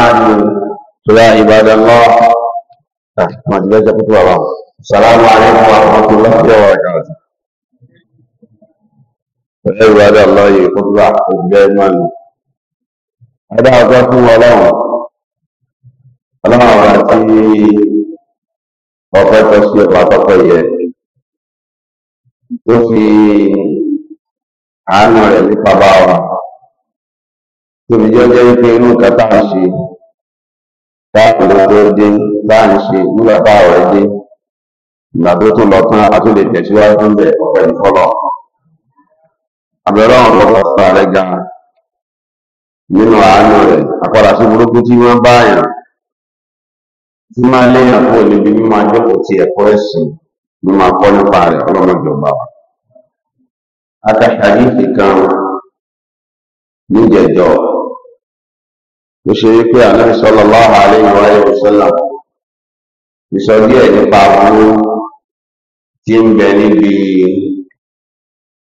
بعد فيا عباد الله ما جلسة كتب الله السلام عليكم ورحمة الله وبركاته فيا عباد الله خطبة دائما هذا أعطاكم الله الله أعطي ọpẹ́ tó ṣe pàtọkọ yẹ tó fi àánú rẹ̀ nípa bá wa. tóbi jọjọ wípé irú nǹkan ń ṣe táàkùn tó dé tá ń ṣe nígbà dé ìgbà tó tún lọ tán a tún lè tẹ̀síwájú ń bẹ ọ̀pẹ̀ ìfọlọ́ àbẹ̀rẹ̀ ọ̀rọ̀ lọ́wọ́ nínú àánú rẹ sí burúkú tí bá yàn tí máa kúrò níbi mímọ ti ló ṣe wípé ànábì sallallahu alaihi wa sallam ìsọ díẹ̀ nípa àbúrò tí ń bẹ níbi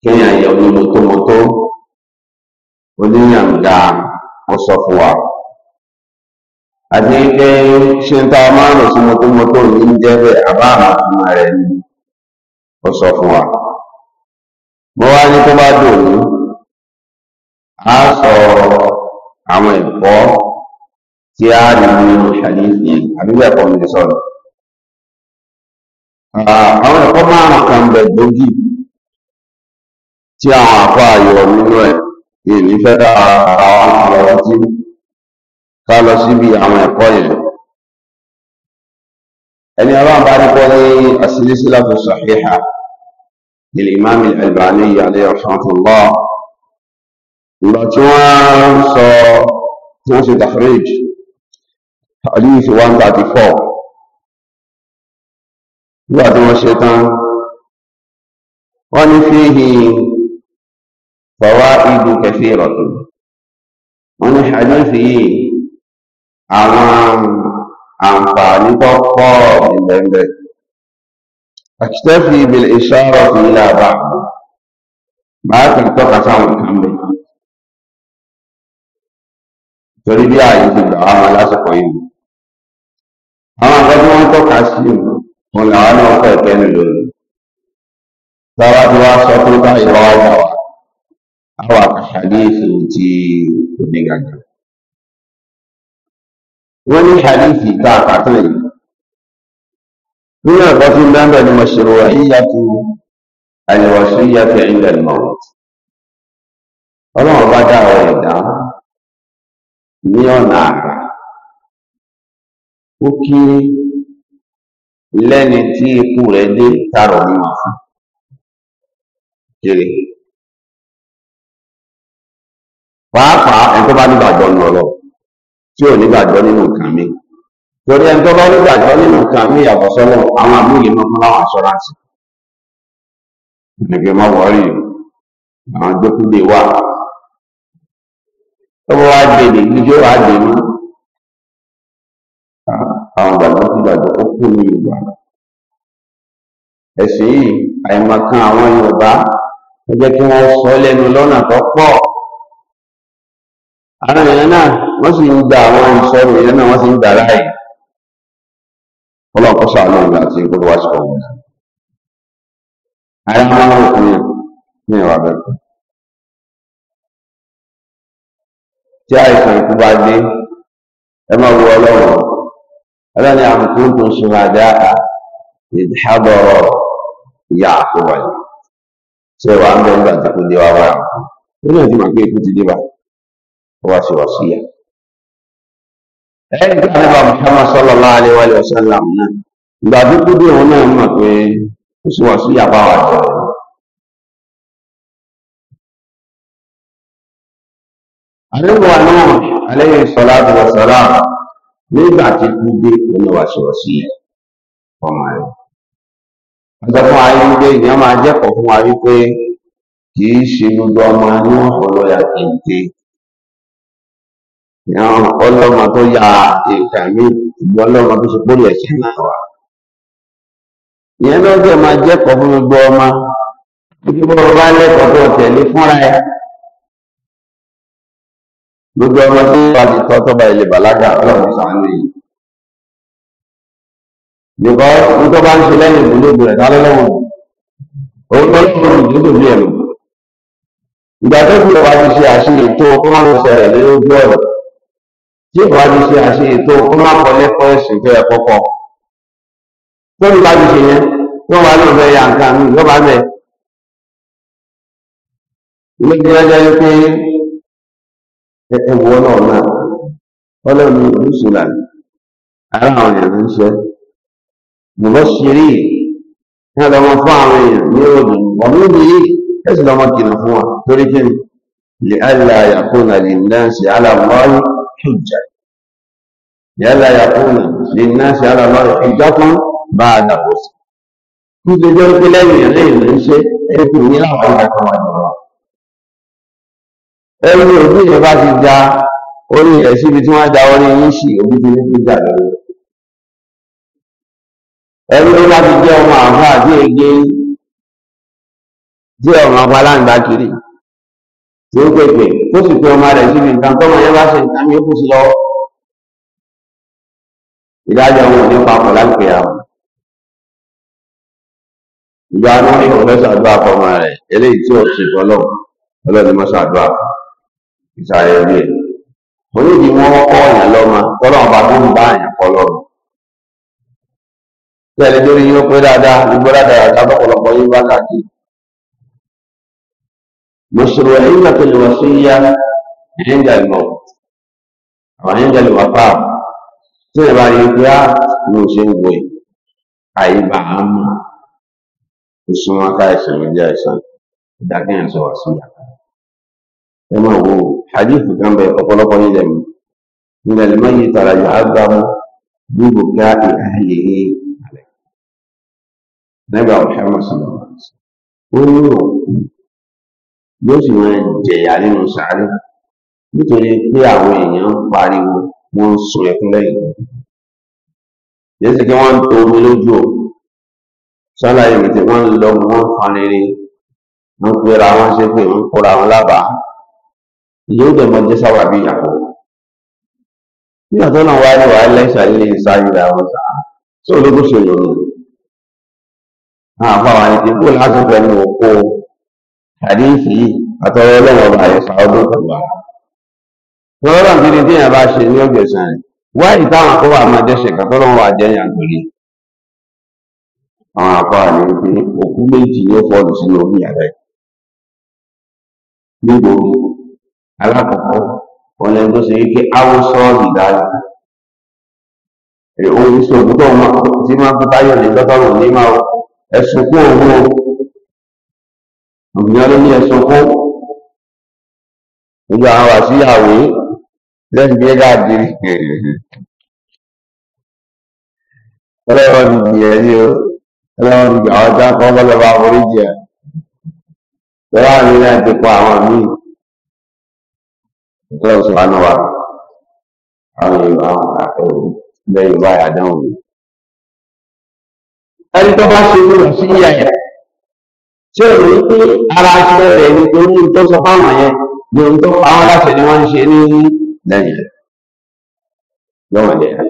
kéèyàn yẹ onímọtòmọtò oníyàǹda ọsọ fún wa àti pé ṣé ń ta máa ń lọ sí mọtòmọtò yìí ń jẹ àbá àmàtúmọ rẹ ni ọsọ fún wa mo wá ní tó bá dòní a sọ ọ̀rọ̀ àwọn ẹ̀kọ́ tí a rí nínú hadith yẹn àbíbẹ̀ ẹ̀kọ́ mi sọ̀rọ̀. àwọn ẹ̀kọ́ márùn-ún kan bẹ̀ gbòógì tí àwọn àpá ayọ̀ nínú ẹ̀ èmi fẹ́ dá ara wa lọ́wọ́ tí ká lọ síbi àwọn ẹ̀kọ́ yẹn. ẹni ọlọ́run bá nípọ́ ní as-silsilatu as-sahiha lil imam al-Albani alayhi rahmatullah. ìgbà tí wọ́n sọ tí wọ́n ṣe tafrij hadith one thirty four nígbà tí wọ́n ṣe tán wọ́n ní fíhì fawaid kathirah wọ́n ní hadith yìí àwọn àǹfààní tó pọ̀ nílẹ̀ńdẹ̀ أكتفي بالإشارة إلى بعض ما تنطق عن كامل torí bí ààyè ti gbà wá wọn lásìkò yìí àwọn àgbà tí wọ́n tọ́ka sí òun làwọn náà fẹ́ tẹ́nu lórí tọ́wọ́ tí wọ́n sọ pé báyìí wọ́n wà wá àwọn àkàṣàdéèfì ti onígàgà wọ́n ní hadithi ká àkàtàn yìí nínú ẹ̀kọ́ tí ń dáńdọ̀ ni ní ọ̀nà àrà ó kéré lẹ́ni tí ikú rẹ̀ dé tààrọ̀ mímọ̀ fún kéré pàápàá ẹni tó bá nígbàgbọ́ nù ọlọ tí ò nígbàgbọ́ nínú nǹkan mi torí ẹni tó bá nígbàgbọ́ nínú nǹkan mi yàtọ̀ sọ́nà àwọn amúyè mọ́ fún láwọn assurance nìgbẹ́ máa wọ́ọ́rì àwọn gbẹ́kúdé wà tọ́wọ́ wá gbèdè níjó wá gbèdè àwọn bàbá tó gbàgbọ́ ó kú ní Yorùbá ẹ̀sìn yìí àìmọ̀kan àwọn Yorùbá ó jẹ́ kí wọ́n sọ lẹ́nu lọ́nà tó pọ̀ àwọn èèyàn náà wọ́n sì ń gba àwọn ìṣòro èèyàn náà wọ́n sì ń ọlọ́run kó sàánú ìgbà gbogbo wa tí àìsàn ikú bá dé ẹ máa wo ọlọ́run ọlọ́run ni àwọn tó ń tún ṣe ìdábọ̀rọ̀ ìyá àkọ́wà yìí ṣé wàá ń bẹ nígbà tí kò dé wá wá ó náà ti máa pé ikú ti dé bá wá wá sí ẹ̀yìn tí a ní bá Muhammad sallallahu wa sallam náà ìgbà A àná àlẹ́yìn sọlá tó sọlá nígbà tí kú dé nínú aṣọ sí ọmọ rẹ ọjọ́ fún ayé ń gbé ìyá máa jẹ́kọ̀ọ́ fún wa wípé kì í ṣe gbogbo ọmọ ní ọlọ́yà ya nǹkan mi ìgbọ́ ọlọ́mọ tó ṣe pólì ẹ̀ṣẹ̀ náà wà ìyẹn lọ́jọ́ máa jẹ́kọ̀ọ́ fún gbogbo gbogbo ọmọ tó bá ti tọ́ tọ́ba ilé bàlágà ọlọ́run sàánú yìí nìkọ́ nítorí bá ń ṣe lẹ́yìn ìdúrógbò rẹ̀ dálé òun tó ń bí ẹ̀rù ìgbà tó kúrò wá ti ṣe tó kó lé lójú ọ̀rọ̀ tí ti ṣe tó kó ẹ̀sìn tó yẹ kọ́kọ́ tó ń bá ti ṣe yẹn ya ẹwọ ọlọ́run náà ọlọ́run ní olùsùlà ara àwọn èèyàn ló ń ṣe bùbọ ṣeré ní ọlọmọ fún àwọn èèyàn ní òdì ọmọ òdì yìí ẹsùn lọmọ kìnnà fún wa torí kí ni lè àlà yàkúnà lè náà ṣe aláwọ̀ọ́yì hujja yàlà yàkúnà lè náà ṣe aláwọ̀ọ́yì hujja fún bá a dàpọ̀ sí. kí ló jẹ́ pé lẹ́yìn lẹ́yìn ló ń ṣe é kò ní láwọn ọ̀gá kan wáyé ẹni òbí yẹn bá ti da orí rẹ̀ síbi tí wọ́n da orí yín sí òbí ti ní fújà lọ́wọ́ ẹni tó bá ti jẹ́ ọmọ àwọn àti ege jẹ́ ọmọ apaláǹgbá kiri tí ó pèpè tó sì pé ọmọ rẹ̀ síbi nǹkan tọ́mọ yẹn bá ṣe nǹkan yókù sí lọ́wọ́ ìdájọ́ wọn ò ní papọ̀ láti àwọn ìgbà náà ní pọfẹ́sọ̀ àdúrà fọmọ rẹ̀ eléyìí tí ó sì fọlọ́ ọlọ́ni mọ́ṣáàdúrà fún ìsàlẹ̀ bí ẹ̀ torí ìdí wọn kọ́ ọ̀yàn lọ́mọ tọ́lọ́mọ tó ń bá àyàn kọ́ tí ẹni tó rí yóò pé dáadáa gbogbo dáadáa yóò bá káàkiri mùsùlùmí ẹ̀yìn sí yá ẹ̀yìn àwọn ẹ̀yìn tí pé á ah, ń mọ̀ ìṣẹ̀lẹ̀ ìṣàn ìdákẹ́yìn sí ẹ máa wo hadith kan bẹ ọ̀pọ̀lọpọ̀ nílẹ̀ mi nílẹ̀ lè má yí tààrà yà á gbà mọ́ gbogbo ká ìhàlè ní ìhàlẹ̀ nígbà Muhammad sallallahu alaihi wasallam ó ní òkú yóò sì máa jẹ̀yà nínú sàárè nítorí pé àwọn èèyàn ń pariwo wọ́n ń sun ẹkún lẹ́yìn yìí sì kí wọ́n ń omi lójú o sálàyé mi tí wọ́n lọ wọ́n fanirin wọ́n pera wọ́n ṣe pé wọ́n kóra wọn lábàá. yóò dẹ̀ mọ́ jẹ́ sábà bí ìyàwó nígbà tó náà wá ní wàá lẹ́sà ilé ìsáyé àwọn sàá tí ológun ṣe lò ní àfa àwọn ìdìbò láti pẹ̀lú òkú àdéhìsì yìí àtọwọ́ ọlọ́wọ́ ọba àyẹ̀sà ọdún bá ṣe ní wá ìtàwọn wà wà jẹ́ àwọn òkú méjì alákọ̀ọ́kọ́ wọn lẹ́nu tó ṣe wípé áwùsọ ìdájọ́ òun sọ òkúta òun tí máa ń fi táyọ̀ ní tọ́tọ́rọ̀ ní máa ẹ̀sùn kó òun o òmìnira ló ní ẹ̀sùn kó gbogbo àwọn àṣìyàwó lẹ́yìn bí ẹgbẹ́ àdìrí ọlọ́run ti gbìyànjú ẹni o ọlọ́run ti gbà ọjà kọ́ bọ́lọ́ba orí jẹ lọ́wọ́ àmì náà ti pa àwọn míì. nítorí sọ àánú wa ahụ na ilẹ̀ Yorùbá àdáhùn mi. ẹni tó bá si lóhùn sí ìyá yẹn tí ò ní ara ṣe rẹ̀ ni torí tó sọ fáwọn yẹn ni ni wọ́n ṣe ní lẹ́yìn rẹ̀ lọ́wọ́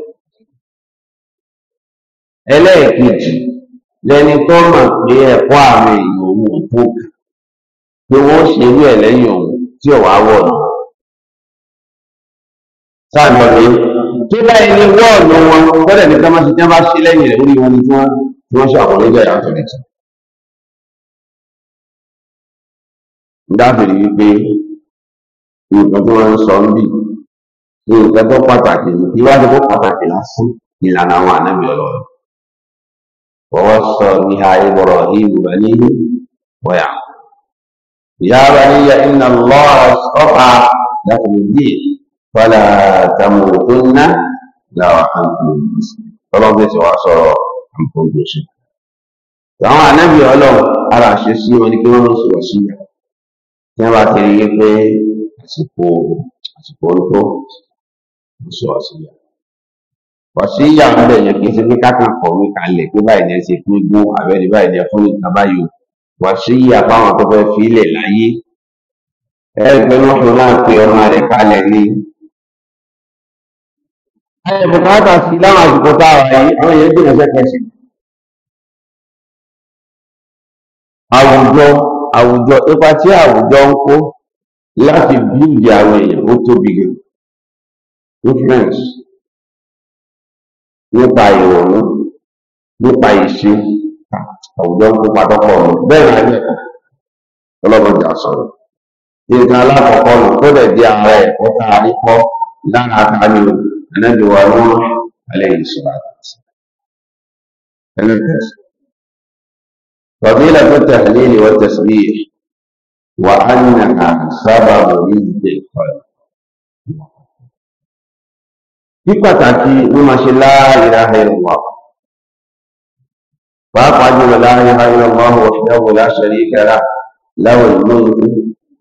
ẹlẹ́ẹ̀kejì lẹni tó mọ̀ pé ẹ̀kọ́ òun sáàgbọ̀dé tó báyìí ní wọ́ọ̀lù wọn tọ́lẹ̀ ní ndị sí jẹ́mbá sí lẹ́yìn rẹ̀ lórí wọn ni tí wọ́n tí wọ́n ṣe Ndị ìyàtọ̀ nìtì dábìrì wípé nǹkan tí wọ́n ń sọ ń bì ní nǹkan tó pàtàkì ní pàtàkì lásán ìlànà àwọn ànábì ọlọ́run sọ ní ní ìyá fọ́lá tamùtúnná láwọn àǹkóògbèsì ọlọ́gbèsì wa sọ̀rọ̀ àǹkóògbèsì. àwọn ànábì ọlọ́run ara àṣẹ sí wọn ni pé wọ́n ń sọ wọ́n síyà tí wọ́n bá ti rí pé àsìkò àsìkò ń tó ń sọ wọ́n síyà. wọ̀síyà ń bẹ̀ yẹn kí n ṣe pé kákan kọ̀ mí kalẹ̀ pé báyìí ni ẹ ṣe fún igbó àbẹ́ni báyìí ni ẹ fún nǹkan báyìí wọ̀síyà fáwọn tó fẹ́ fi ilẹ̀ láyé ẹ̀ẹ́dẹ́gbẹ́rún fún láǹpẹ́ ọmọ rẹ̀ kalẹ̀ ni ẹ̀ bùkátà sí láwọn àsìkò tá a wà yìí àwọn èèyàn jìnà sẹ́kẹ̀ẹ́sì àwùjọ ipa ti awujo ń kó láti bíìdì àwọn èèyàn ó tóbi gan influence nípa ìrònú nípa ìṣe àwùjọ ń kópa tọpọ ọ̀rọ̀ bẹ́ẹ̀ ni ẹgbẹ́ kan ọlọmọdé àsọ̀rọ̀ nǹkan alákọ̀ọ́kọ́ nù kó ta o. ندوى نوح عليه الصلاة والسلام فضيلة التحليل والتسبيح وأنها سبب رزق الخلق في قتاكي نمش لا إله إلا الله فأقعد لا إله إلا الله وحده لا شريك له له الملك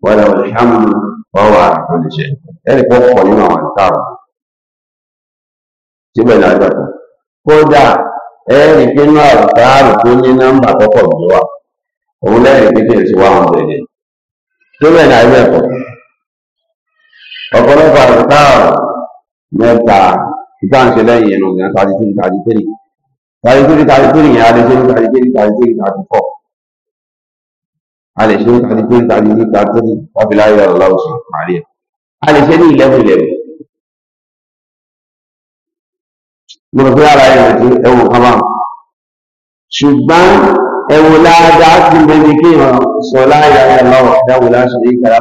وله الحمد وهو على كل شيء يعني فوق ما وانتظر síbẹ̀ lágbàtà kódà ẹ̀rì pé náà àbùkárù tó ní nọ́mbà kọ́kọ̀ bí wà òun lẹ́rìí pé kìí ti wá wọn bẹ̀rẹ̀ síbẹ̀ lágbàtà ọ̀pọ̀lọpọ̀ àbùkárù mẹ́ta ìtànṣe lẹ́yìn ẹnu ìyẹn tàbí tí tàbí tẹ́lẹ̀ tàbí tẹ́lẹ̀ tàbí tẹ́lẹ̀ yẹn alẹ́ tẹ́lẹ̀ tàbí tẹ́lẹ̀ tàbí tẹ́lẹ̀ tàbí fọ́ alẹ́ tẹ́lẹ̀ tàbí tẹ́lẹ̀ tàbí tẹ́lẹ̀ tàbí tẹ́lẹ̀ mo rò pé ara ẹ̀rọ tí ẹwọ kan bá ṣùgbọ́n ẹwọ láadáa ti bẹni kí ìwọ̀n sọ láàyà ẹ̀ lọ́wọ́ dáwò láṣẹ ìkàrà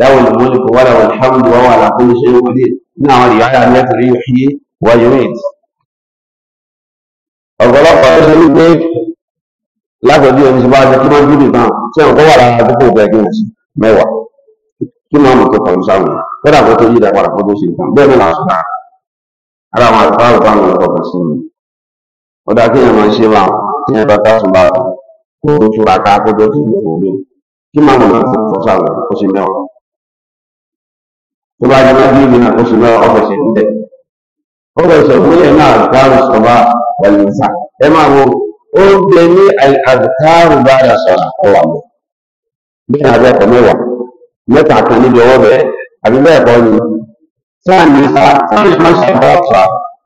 dáwò lè mọ́lì kò wàlà wàlì hàmdù wà wàlà kó lè ṣe é wọlé ní àwọn ìyá ayà mẹ́ta rí yóò yí wáyé wíìt. ọ̀pọ̀lọpọ̀ tó ṣe ní pé látọ̀jú ẹni tí bá ṣe kí máa ń dúdú tí ẹ̀kọ́ ara àwọn àtàwọn táwọn ọmọ ọkọ̀ sí ni ó dá kéèyàn máa ṣe máa kí ẹ bá tásùn bá kó tó tún àká kó tún kí máa mọ̀ kó sì mẹ́wàá tó bá sì mẹ́wàá sí ó sọ fún yẹn náà pẹ̀lú ẹ máa wo ó ń gbé sáàmì ha sáàmì ha sọ̀rọ̀ ọ̀fà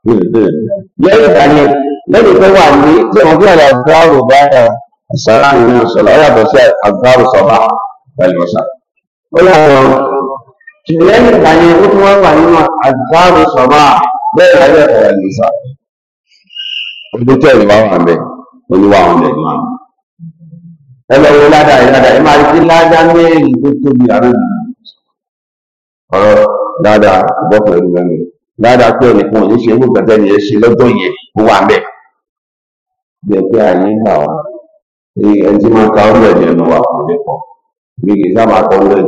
lẹ́yìn ìtàní lẹ́yìn tó wà ní tí wọ́n fi àlẹ́ àgbáàrò bá ṣàrà nínú sọ̀rọ̀ ó yàtọ̀ sí àgbáàrò sọ̀bà pẹ̀lú ọ̀sà. ó yàtọ̀ lẹ́yìn ìtàní ó tún wọ́n wà nínú àgbáàrò sọ̀bà bẹ́ẹ̀ lálẹ́ ọ̀rọ̀ ìlúṣà. ojú tẹ̀ ní wàá wà bẹ́ẹ̀ oníwà wọn bẹ̀ máa. ẹ lọ wo ládàá ìládàá ẹ máa rí sí ládàá mẹ́rin tó tóbi àrùn dáadáa àbọ̀kọ̀ ẹ̀rù lẹ́nu dáadáa pé ẹnìkan ò ní ṣe irú gbẹ̀dẹ́ ni ṣe lọ́jọ́ yẹn ó wà ń bẹ̀. bẹ́ẹ̀ pé àyè ń kà wá ẹni tí máa ń ka hundred yẹn nù kò lè pọ̀ mi kì í sábà kọ́ hundred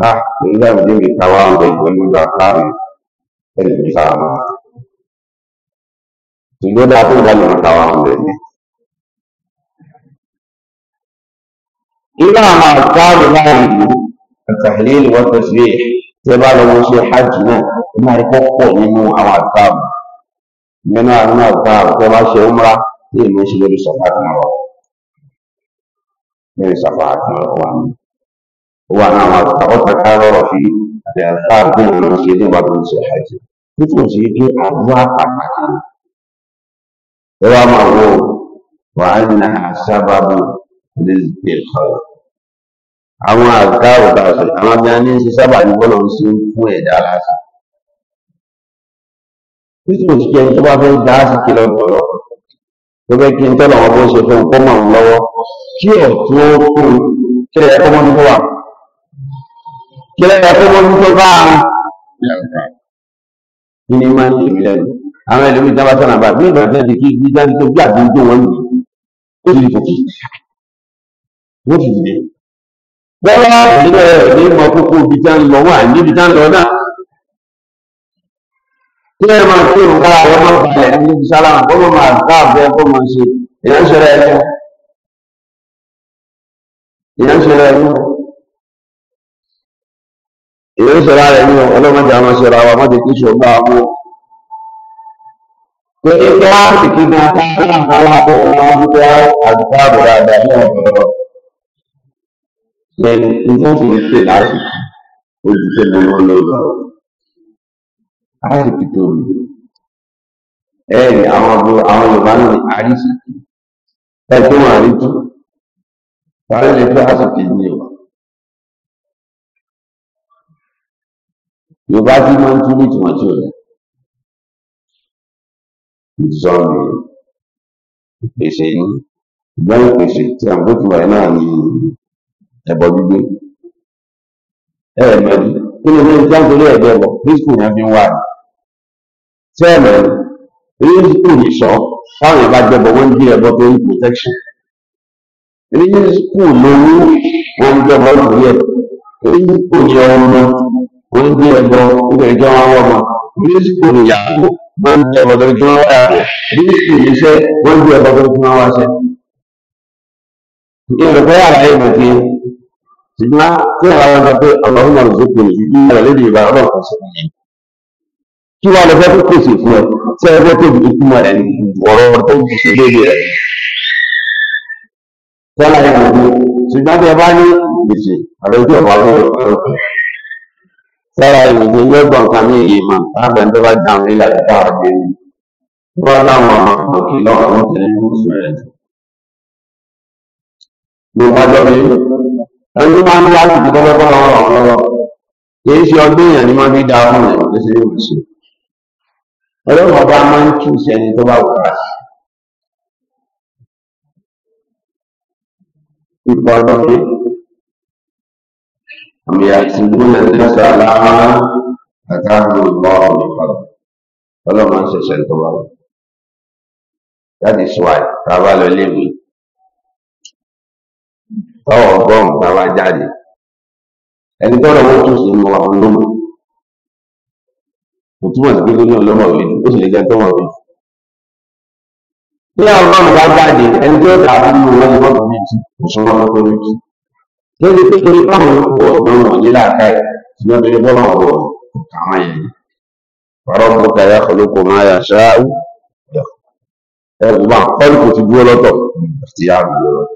ká èyí láì dé mi ka wá hundred pẹ̀lú káàrin ẹni kì í sábà ṣùgbọ́n dáa tó ń bá lọ́nà ka wá ilé àwọn àgbáàrò láàrin ìlú التحليل والتسبيح tí ẹ bá lọ wọ ṣe hajj náà ẹ máa rí pọ́pọ̀ nínú àwọn àtàwọn nínú àwọn àtàwọn tí ẹ bá ṣe umra ní ìlú ṣe lórí sọfà kan lọ lórí sọfà kan lọ wà ní wà ní àwọn àtàwọn kàkà rọrọ fi àti àtàwọn tí wọn ṣe ní ìbá tó ń ṣe hajj nítorí ṣe pé àdúrà pàtàkì ẹ wá máa wọ wàá nà sábàbù lè gbé ìkọlù àwọn àgbà ọ̀gá ọ̀sẹ̀ àwọn abẹ́ni ń ṣe sábà ní bọ́lá ń ṣe fún ẹ̀dá lásán christmas jẹ́ tó bá fẹ́ dá sí kí lọ́dọ̀ lọ tó fẹ́ kí n tọ́lọ̀ wọn bó ṣe fún kó mọ̀ ń lọ́wọ́ kí ẹ̀ tó kún kí lẹ́yìn ẹ̀kọ́ mọ́nú tó wà kí lẹ́yìn ẹ̀kọ́ mọ́nú tó bá ní máa ń ṣe ìlẹ̀ àwọn ẹlòmíì tí wọ́n bá sọ̀rọ̀ àbá bí ìgbà tí wọ́n ti kí gbígbá tó bí àdúgbò wọn nìyí ó sì lè fòkì wọ́n ti dìde bọ́lá ìlẹ̀ ní mọ̀ kókó ibi tá ń lọ wà níbi tá ń lọ náà ẹ máa ọmọ ní ibi máa ṣe èèyàn ṣẹlẹ̀ èèyàn ṣẹlẹ̀ èèyàn ṣẹlẹ̀ ọlọ́mọdé àwọn ṣẹlẹ̀ àwọn ọmọdé pé ẹgbẹ́ kí àwọn àdúgbò lẹ́nu nígbà tí wọ́n ṣe lásìkò ojúṣe ni wọ́n lọ gbà ó lásìkò tó rí ẹ̀rì àwọn àbò àwọn yorùbá ní àríṣìkì ẹ tó wọn àríjù sáré lè fẹ́ àsìkò yìí wà. yorùbá tí máa ń tún ní ìtumọ̀ tí ò lẹ̀ ìsọ̀rọ̀ ìpèsè yìí ìgbọ́n ìpèsè tí ẹbọ gbígbé ẹ mẹbi nínú ilé ìjọba nítorí ẹgbẹ ẹbọ rísíkù yẹn fi ń wà ní tẹ ẹ mẹbi rísíkù nìṣọ táwọn yẹn bá gbẹbọ wọn ń gbé ẹbọ tó ní protection rísíkù lówó wọn ń gbẹbọ lórí ẹ rísíkù ní ọmọ wọn ń gbé ẹbọ nítorí kí wọn wọ ọmọ rísíkù níyàwó wọn ń gbé ẹbọ tó ní kí wọn wá ẹ rísíkù níṣẹ́ wọn ń gbé ẹbọ tó ní kí wọn wá ṣe. ìrẹ̀pẹ́ àlàyé mọ̀ kí ṣùgbọ́n tí àwọn ọmọ pé ọlọ́run náà zókè ní ìdí ìyá lórí ìgbà ọlọ́run kan sọ̀rọ̀ yẹn kí wàá lọ fẹ́ kó pèsè fún ẹ tí ẹ fẹ́ tóbi tó kúmọ̀ rẹ̀ ọ̀rọ̀ tó ń ṣe lórí rẹ̀ tẹ́lá yẹn lòdì ṣùgbọ́n tí ẹ bá ní gbèsè àlọ́ ojú ọ̀pá lọ́wọ́ tẹ́lá yẹn lòdì lọ́gbọ̀n kan ní ìmọ̀ lábẹ́ ń tọ́ba dáhùn nílẹ̀ àgbà àgbẹ̀ mi wọ́n láwọn ọmọ kìlọ̀ ọ̀rọ̀ tẹ̀lé ní ẹni máa ń wá láti tọ́lọ́ bọ́lọ́ ọ̀rọ̀ lọ́wọ́ kìí ṣe ọdún èèyàn ni wọ́n fi da ọmọ rẹ̀ ló ṣe yóò ṣe ọlọ́run ọba máa ń tú sí ẹni tó bá wù ká sí. ipò ọdún yìí àmì àti ìgbóná lẹ́sẹ̀ aláwọ̀ àti àwọn ìgbọ́ ọ̀rọ̀ ìfọ̀lọ́ ọlọ́run máa ń ṣẹ̀ṣẹ̀ tó bá wù. that is why tá a bá lọ ilé ìwé tọ́wọ́ ọgọ́rùn-ún bá wá jáde ẹni tọ́rọ wọn tún sí mọ́ àwọn lómọ kò túmọ̀ sí pé lórí ọlọ́mọ̀wé ó sì lè jẹ́ tọ́mọ̀wé bí ọgọ́rùn-ún bá jáde ẹni tí ó dà á nínú wọn ni wọ́n fi méjì kò sọ́wọ́ lọ́pọ̀ méjì lórí pé torí báwọn olùkọ́ ọ̀gbọ́n wọn ní làákàyè ṣùgbọ́n torí bọ́lá ọ̀rọ̀ kàwọn yìí ọ̀rọ̀ mọ́ta ẹ̀yà kọlọ́kọ̀ máa yà ṣáà ẹ̀rù bá kọ́lùkù ti dúró lọ́tọ̀ ti yá dúró lọ́tọ̀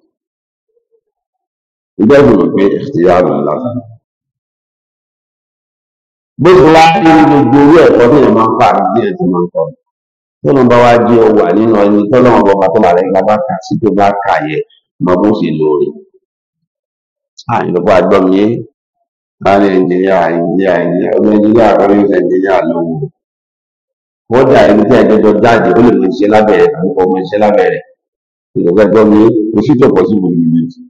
ìjọ ìgbìmọ̀ pé ìṣìyàrò ńlá bó ti wá ní gbogbo orí ẹ̀kọ́ tó yẹn máa ń fà ní díẹ̀ tó máa ń kọ́ tó lọ́n bá wá jẹ́ ọwà nínú ẹni tó lọ́n bọ́ bá tó bá rẹ̀ gbá bá kà sí tó bá kà yẹ mọ bó ṣe lóore àìlọ́pọ̀ àgbọ̀ mi láàrin ẹnjìníà ẹnjìníà ẹnjìníà ọmọ ẹnjìníà àkọ́rí ọ̀sẹ̀ ẹnjìníà lówó kódà ẹni tí ẹjọ́jọ́ jáde ó lè mọ iṣẹ́ lábẹ́rẹ́ tàbí kọ́ iṣẹ́ lábẹ́rẹ́ ìlọ́gbẹ́gbọ́ mi ó sì tọ̀pọ̀ sí gbòmìnira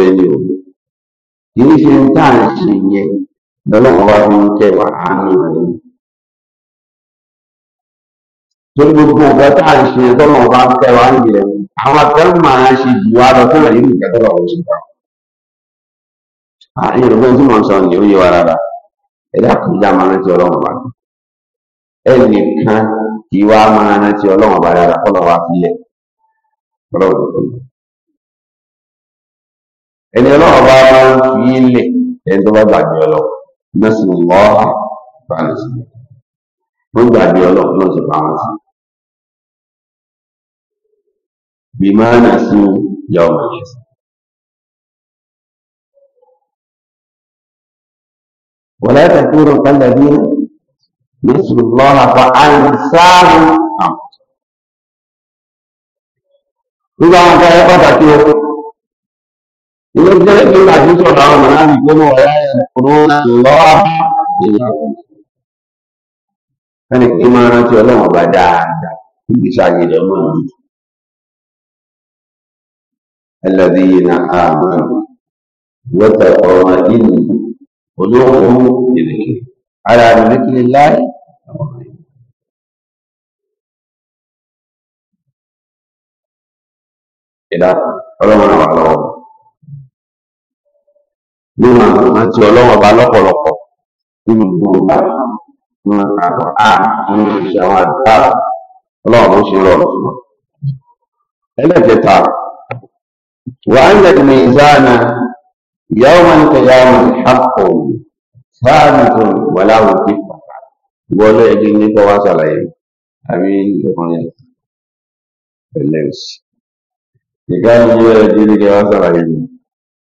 rẹ ni òun kì ndị ṣe tá à ń ṣe yẹn lọ́lọ́run wá fi ń kẹwà àánú rẹ ni. torí gbogbo ọ̀gá tá à ń ṣe tọ́lọ̀ bá ń kẹwà ń yẹ àwọn kan máa ṣe jù wá lọ tó wà nínú ìkẹ́kọ̀ọ́ lọ́wọ́ sí ta. àyè ìrògbọ́n tí máa rántí bá bá ẹni ọlọ́run bá máa ń fi ilẹ̀ ẹni tó bá gbàgbé ọlọ́run mẹ́sìn lọ́ọ́ balẹ̀ sí i wọ́n gbàgbé ọlọ́run náà ti bá wọn sí i. bímọ náà sí ìyá ọmọ yẹn sí. ولا تكونوا كالذين نسوا الله فأنساهم أنفسهم. إذا ما كان يقطع ìwọ́jẹ́ nípa àdúgbò àwọn mọ̀láàbí gbọ́nà ọ̀rá ẹ̀kúnrún lọ́wọ́ fẹ́ni kí máa rántí ọlọ́run ọba dáadáa níbi sáàyè rẹ̀ mọ́ ní ẹlẹ́dí na àmọ́ wọ́tẹ̀ ọ̀rọ̀ ìlú olóòkú ìrìnkì ara rẹ̀ kiri nínú àwọn àti ọlọ́wọ́ ọba lọ́pọ̀lọpọ̀ nínú gbogbo nínú àkọ́ a nínú iṣẹ́ àwọn àdúrà ọlọ́wọ́ ló ṣe rọrùn fún wọn. ẹlẹ́kẹta wà á lè ní ìzáàna ìyàwó máa ń tẹ̀yà wọn ìhàpọ̀ sáàmì tó wà láwọn òkè ìwọlé ẹjọ́ ní kọ́ ṣàlàyé àbí ìkànnì pẹ̀lẹ́sì ìgbà yóò ẹjọ́ ní kọ́ wá ṣàlàyé nìyí.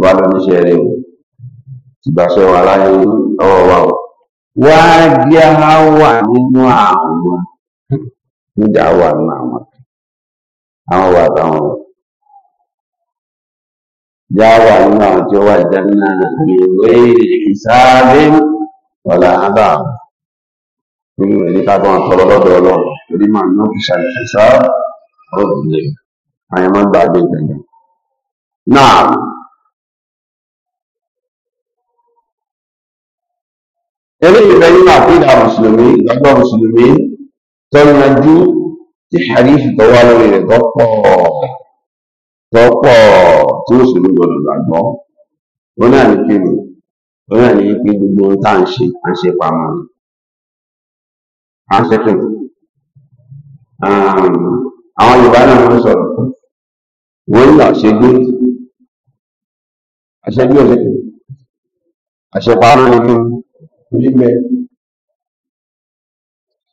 bọ́ọ̀lù níṣẹ́ rẹ̀ o ìgbàṣẹ́ wà láyé ọwọ́ wa o wá jẹ́ á wà nínú ndị níjà wà nínú àwọn àwọn wà táwọn o já wà nínú àwọn tí ó wà ìdáná ìwé ìsáábé wọlé àbá nínú ẹni ká bọ́n àtọ́rọ́ lọ́dọ̀ ọlọ́run torí màá náà fi ṣàlùfẹ́ sáà ọ̀rọ̀ ìdílé àyẹ̀mọ́ eléyìí bẹ nínú àkídà mùsùlùmí ìgbàgbọ́ mùsùlùmí tó yanjú tí hadith tó wá lórí rẹ̀ tó pọ̀ tó pọ̀ tí mùsùlùmí gbọdọ̀ gbàgbọ́ wọn náà ní kí ni wọn náà ní pé gbogbo ohun tá à ń ṣe à ń ṣe pamọ́ ni à ń ṣe kí ni àwọn Yorùbá náà máa ń sọ̀rọ̀ wọn ní àṣegbé àṣegbé ọ̀ṣẹ́gbé àṣepamọ́ ni kí ni níbẹ̀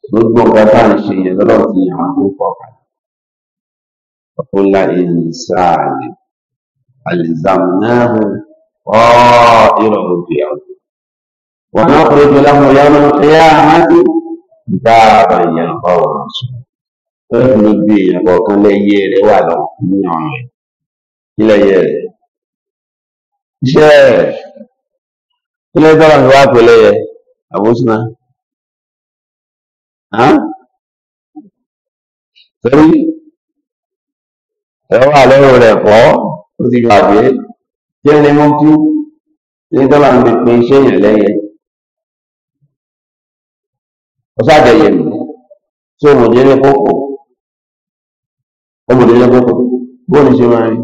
gbogbo nǹkan tá à ń ṣe yẹn lọ́dọ̀ ti yàn án tó pọ̀ kalẹ̀ ọ̀pọ̀lá ìrìnsáàlì àlìzàmùnáhù ọ́ ìrọ̀ òkè ọ̀dọ̀ wọn náà kúrò jọ láwọn ọ̀yá ọmọ ẹ̀yà àmásí ìta àbàyàn ọ̀rọ̀ ọ̀sùn lọ́dọ̀ ló bí èèyàn kọ̀ọ̀kan lẹ́yẹ rẹ̀ wà lọ ní ọ̀rọ̀ rẹ̀ nílẹ̀yẹ rẹ̀ iṣẹ́ rẹ̀ kí lẹ́gbẹ̀rún wá pẹ̀lẹ́yẹ abusna ha torí ẹ wà lọ́rùn rẹ̀ pọ̀ ó ti gbàgbé jẹ́ ni mo kú ní dọ́là ń fi pin iṣẹ́ yẹn lẹ́yẹ ọ̀sàjẹyẹ mi tí o mọ̀ jẹ́ ní kókò ọmọdé ní kókò bóun ṣe máa rí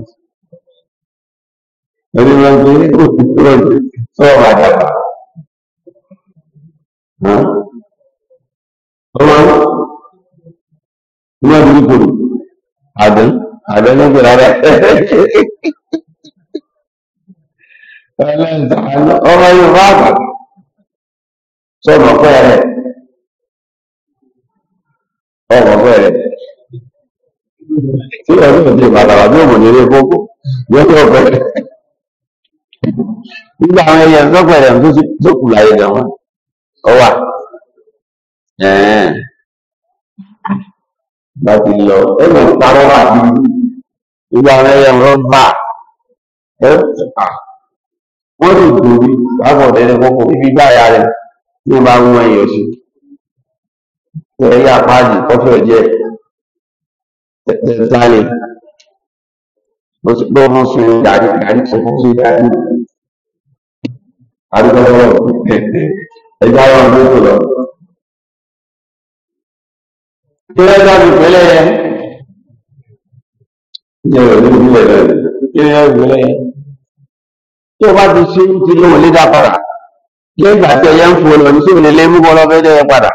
ẹni máa ń gbé ọ̀rọ̀ sọ̀rọ̀ àdàbà. Ina biri kuru. Adil. Adil ne kira da. Ọlọ́run sàánú. Ọmọ Yorùbá àgbà. Sọ̀rọ̀ ọ̀pẹ rẹ̀. Ọ̀pọ̀ ọ̀pẹ rẹ̀. Tí ó wà lọ ẹ̀rọ parọ́ wà bí ìgbà àwọn ẹyẹ rọ́bà wọ́n lè gbòòrí lábọ̀dé ní kókó ibi báyà rẹ̀ tí ó bá ń wọ́n èèyàn sí ẹ̀yà páàdì kọfí ọ̀jẹ́ tẹ̀sílẹ̀ ló fún sí gàrí gàrí fún sí gàrí adúgbò lọ́wọ́ ẹja wa ló tó lọ. kí ló dá mi pẹ́lẹ́ yẹ? ṣé o ní ìpínlẹ̀ yẹ? tí o bá ti ṣe ti lóun lé dá padà tí ẹyẹ ń fún ọ lọ ní sóòlù lé mú bọ́ fẹ́ dẹ́yẹ padà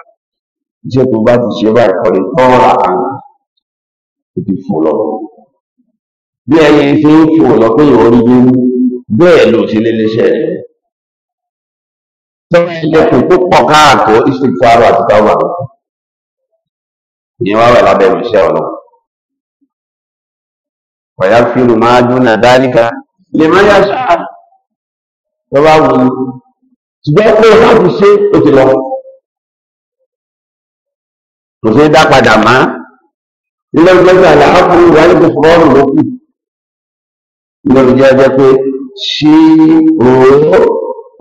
iṣẹ́ tó bá ti ṣe báyìí kọ́ ni tọ́ra ó ti fò lọ. bí ẹyẹ ṣe ń fò lọ pé ìwọ orí yé bẹ́ẹ̀ ló ṣe lé léṣẹ́ rẹ̀ tọ́wọ́ ẹlẹ́kùn tó pọ̀ káàtó ìṣèjú àrò àti tọ́wọ́ ìyẹn wá wà lábẹ́ ìṣẹ́ ọ̀nà ọ̀yá fílù máa dúnà dáríkà lè má yá ṣáà tó bá wù ú ṣùgbọ́n pé láti ṣe ó ti lọ kò ṣe dá padà má ilé ìjọba àlàáfíà wáyé kò fọwọ́ rò lókù ilé ìjọba jẹ́ pé ṣí òórùn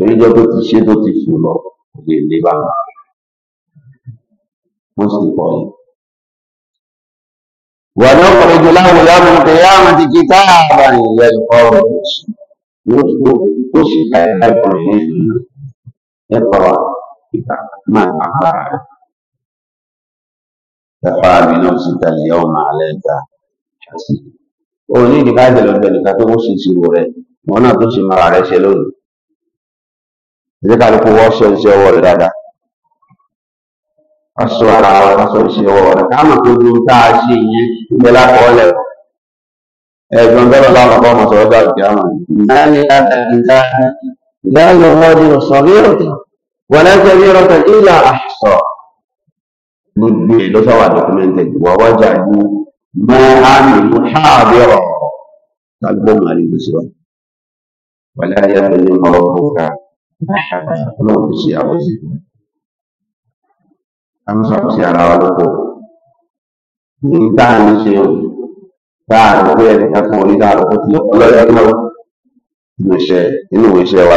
lọ́jọ́ tó ti ṣe tó ti ṣù lọ kò lè lè bá wọn bó sì pọ̀ yìí. wà ní ọkùnrin jù láwọn ìyáàmù ń tẹ̀yà àwọn ti kí tá a bá ìyẹn ọ̀rọ̀ tó sì ká ẹ̀ka ìkọ̀rọ̀ yẹn ìlú ẹ̀kọ́ ìta máa àpá rẹ̀. Ẹ̀fà mi náà sì tẹ̀lé ọmọ alẹ́ ìta. Òní ìdíkà ìbẹ̀lẹ̀ ọ̀bẹ̀lẹ̀ ká tó ń ṣe ìṣirò rẹ̀, wọn náà tó ṣe máa rẹ̀ ṣe lónìí. ẹjẹ́ kálukú wọ́ọ̀ṣọ iṣẹ́ ọwọ́ rẹ̀ dáadáa aṣọ ara wa aṣọ iṣẹ́ ọwọ́ rẹ̀ ká mọ̀ pé ojú tá a ṣe yẹn ìgbẹ́ lákọọ́lẹ̀ ẹ̀gbọ́n tọ́lọ́ láwọn ọkọ̀ ọmọ sọ̀rọ̀ gbà kí á mọ̀ لا يغادر صغيرة ولا كبيرة إلا أحصى gbogbo ẹ̀ ló sáwà documented wà wájà ní mọ́hánì mọ́hábẹ́rọ̀ tàgbọ́n àríwísíwájú wà láyé ẹ̀fẹ́ ní ọ̀rọ̀ fúnka ọlọ́run kò sí àbòsí a ń sọ̀rọ̀ sí ara wa lóko ní táàmì ṣe o táàmì pé ẹnìkan kan orí dáa lọ́kọ́ tí ọlọ́yẹ lọ́wọ́ inú iṣẹ́ inú ìwé iṣẹ́ wa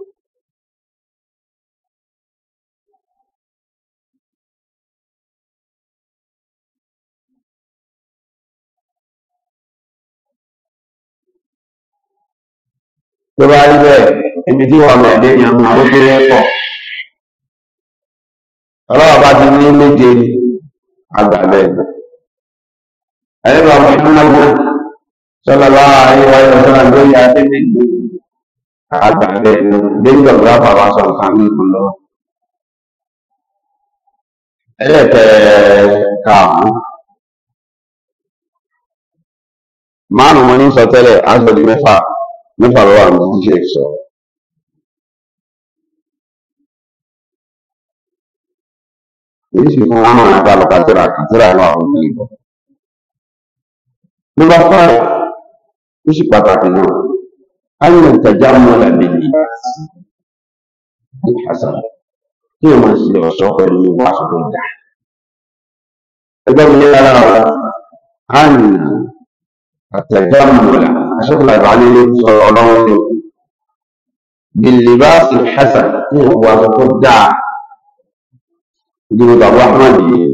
tó bá rí bẹ́ẹ̀ ibi tí wọ́n mẹ̀ẹ́dẹ́ ni àwọn arókéré pọ̀ ọlọ́wọ́ bá ti ní méje àgbàlẹ̀ ẹ̀gbẹ̀ ẹni bá bá wáyé lórí àgbàlẹ̀ bàbá sọ nǹkan ní márùn-ún ní sọtẹ́lẹ̀ nígbà lọ́wọ́ àmì jíjẹ́ ìsọ. èyí sì fún wọn náà bá lọ́ka tíra kan tíra náà àwọn ọmọ ìbọn. nígbà fáà ó sì pàtàkì náà á ní ìtajà mọ́lá bèbí ní hasan kí o máa ṣe ọ̀ṣọ́ pẹ̀lú wàásù tó dà. ẹgbẹ́ mi ní ara wa á ní ìtajà mọ́lá àṣọ́kùnlá ìbálẹ̀ ọlọ́wọ́ ní òkú bìlìbá sí hasan ní ìwọ aṣọ tó dáa ìdíwọ́ bàbá ahmad yìí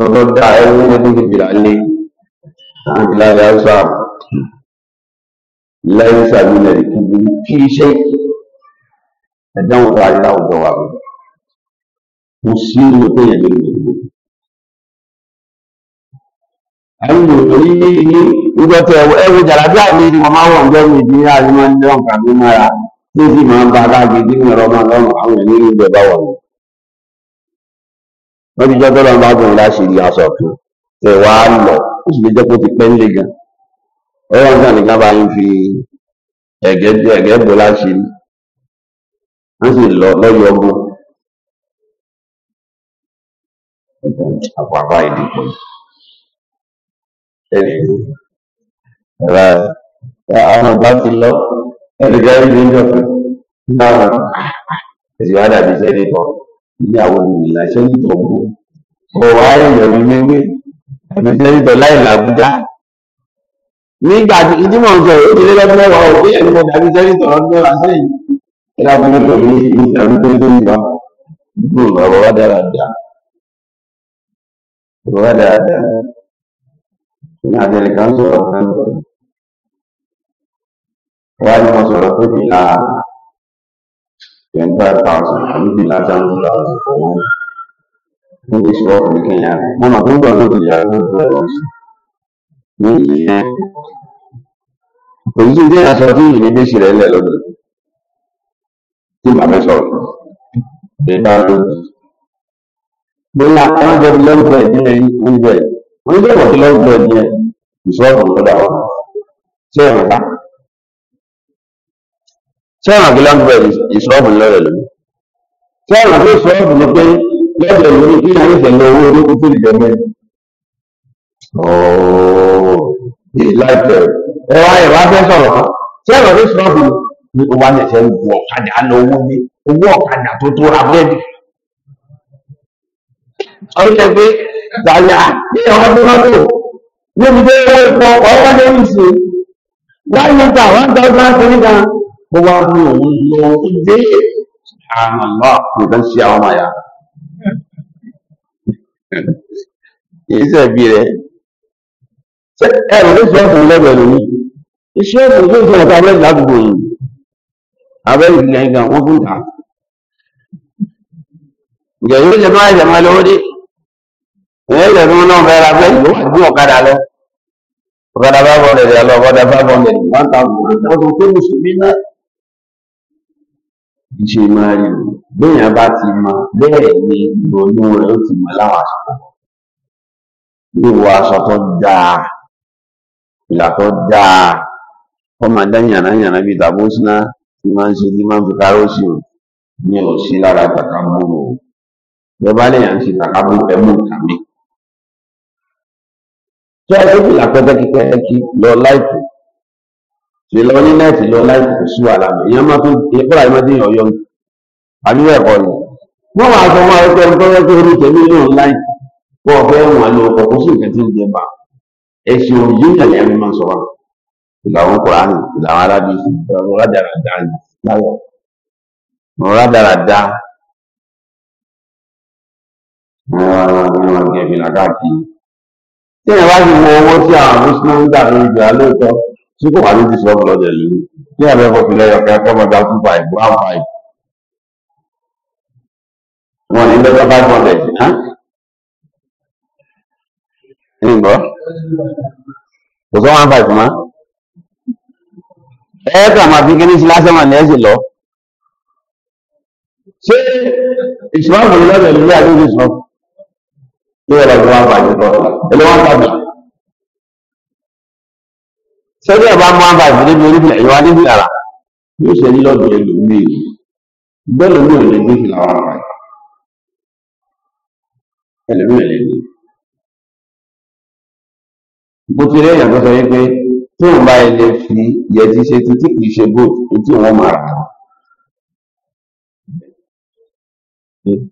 aṣọ tó dáa ẹni ní ẹni bìbìlà lé àwọn ìlà ìlà ọsà lẹ́yìn sàbí ilẹ̀ ìkíbi kí iṣẹ́ ẹ̀dáhùn tó àyíká òjò wà mo sì ń lo pé yẹn lè gbogbo anyị na-ewere ihe ihe ngwọta ewejara bịa mmiri ma manwụ mgbe ihe anyị ma ndị ọka gị mara ma mba nwere ọma wọ́n ti jẹ́ tó lọ́nà bá láti aṣọ kan tẹ̀ wá lọ ó sì lè jẹ́ kó ti pẹ́ gan bá ń lọ lọ́yọ̀ ọgbọ́n àwọn ọba ti lọ ẹni gẹ́gẹ́ bí ẹjọ́ náà ẹ̀sìn wá dàbí sẹ́ni kan ní àwọn olùmìnira sẹ́ni tó kú ọ̀wá èèyàn ní méwé ẹ̀mí sẹ́ni tó láì làbújá nígbà tí ìdí mọ̀ ń sọ èyí ti lé lọ́dún mẹ́wàá ò kéèyàn dàbí sẹ́ni tó lọ́dún mẹ́wàá sẹ́yìn ẹ̀rọ abúlé tó ní ìdàrú tó ń tó ń bá ọ̀rọ̀ wá dáradára ọ̀rọ̀ wá dáradára ìyá àtẹnì kan sọ̀rọ̀ kan wáyé wọn sọ̀rọ̀ pé bìlà twenty five thousand àbí bìlà seven thousand for one english word ní kenya wọn tó ń bọ̀ lóde ìyá tó ń bọ̀ ní ìyẹn èyí tó jẹ́ aṣọ tí ìyìn níbi ìṣẹ̀lẹ̀ ńlẹ̀ lọ́dún tí màmá sọ̀rọ̀ ìgbà lóde bóyá wọ́n jẹ́ lọ́gbẹ̀ẹ́ ní oúnjẹ wọ́n jẹ́ wọ́n lọ́gbẹ̀ẹ́ ní ẹ̀ ìṣọ́ọ̀bù ló dà wá ṣé ẹ̀rọ bá ṣé ẹ̀rọ àgbélá ń bẹ̀rẹ̀ ìṣọ́ọ̀bù lọ́rẹ̀ lómi ṣé ẹ̀rọ tó ìṣọ́ọ̀bù ló pé lọ́dọ̀ lórí kí wọ́n fẹ̀ lọ owó olókùn tó lè mẹ́ ọ̀ọ́ láìpẹ́ ẹ wá ẹ wá fẹ́ sọ̀rọ̀ kan ṣé ẹ̀rọ tó ìṣọ́ọ̀bù ni wọ́n á nẹ̀fẹ̀ wọ ọ̀kadà lọ owó ní owó ọ̀kadà tó tó ra bẹ́ẹ̀dì ọ̀rẹ́ pé gbàyà ní ọmọdé mọ́tò níbi tó wọ́n ìfọ́ ọ̀pá lórí ìṣe dáyẹ̀ta 1000 kìíníkà bó wá fún òun lọ ó dé àmàlá nìkan sí àwọn ọmọ àyà ìṣẹ́ bí rẹ̀ ẹ̀rọ ló fi ọ̀sán lẹ́gbẹ̀ẹ́ lórí iṣẹ́ ọ̀sán tó ń sọ ọ̀tá abẹ́rẹ́ ládùúgbò yìí abẹ́rẹ́ ìdílé ẹ̀gá wọ́n fún ta ìgbà yóò jẹ máa jẹ máa lọ́wọ́ dé ẹ̀yẹ́ ìjọba náà fẹ́ ra fẹ́ ìlú àdúgbò ọ̀kadà lọ ọ̀kadà bá bọ̀ lẹ̀dẹ̀ lọ ọ̀kadà bá bọ̀ lẹ̀dẹ̀ one ọdún tó mùsùlùmí náà ìṣe máa rí o béèyàn bá ti mọ bẹ́ẹ̀ ni ìrònú rẹ̀ ó ti mọ láwọn aṣọ kan wíwọ aṣọ tó dáa ìlà tó dáa ọmọ adá yànnà yànnà bíi tàbóṣínà tí máa ń ṣe tí máa ń fi kárọ́ọ̀sì o ní òsì lára tàkàbùrù o ìjọba lè yàn ń ṣe tàkàbùrù ẹ̀mú nǹkan mi tí wọ́n tóbi là pẹ́tẹ́kípẹ́tẹ́kí lọ láìpẹ́ ṣe lọ ní nẹ́ẹ̀tì lọ láìpẹ́ kò sí wàhálà mi èèyàn máa tún èèyàn kọ́ra ìmọ̀ dín ọ̀yọ́ mi àbí ẹ̀kọ́ ni wọ́n máa sọ wọn ẹgbẹ́ ẹni tó yẹ kó orí tẹ̀mí online wọ́n fẹ́ wọn lọ ọkọ̀ kó sì nǹkan tí ń jẹ bá ẹ̀sìn òyìn ìyàlẹ́ mi máa sọ wa ìlàwọn kùránì ìlàwọn arábìsì tí ẹ bá ti wo owó tí àwọn muslim ń gbà lórí ìgbà lóòótọ́ tí kò wá ní ti sọ́ọ̀bù lọ́dẹ̀ lórí tí ẹ bẹ́ẹ̀ fọ́fi lẹ́yọ̀ kẹ́ kọ́ mọ́ta two five one five. wọn ní lọ́jọ́ five hundred hàn. ǹgbọ́ kò sọ one five mọ́. ẹ kà máa fi kíní sí lásán màá ní ẹ sì lọ. ṣé ìṣòro àbòrò lọ́dẹ̀ lórí àdéhùn ìṣòro yóò yẹ lọ́dún wá bàjẹ́ lọ ẹlọ wá bàjẹ́ sẹ́dí ẹ̀ bá mú àbàjẹ́ níbi orí ilẹ̀ ìwà níbi ara yóò ṣe ní lọ́dún yẹn lòún ní èyí bẹ́ẹ̀ ló ní òní níbi làwọn ara rẹ̀ ẹlòmíràn lè ní. bó ti rí èèyàn tó sọ yìí pé tí òun bá ilé fi yẹtí ṣe títí kì í ṣe gold etí òun máa rà á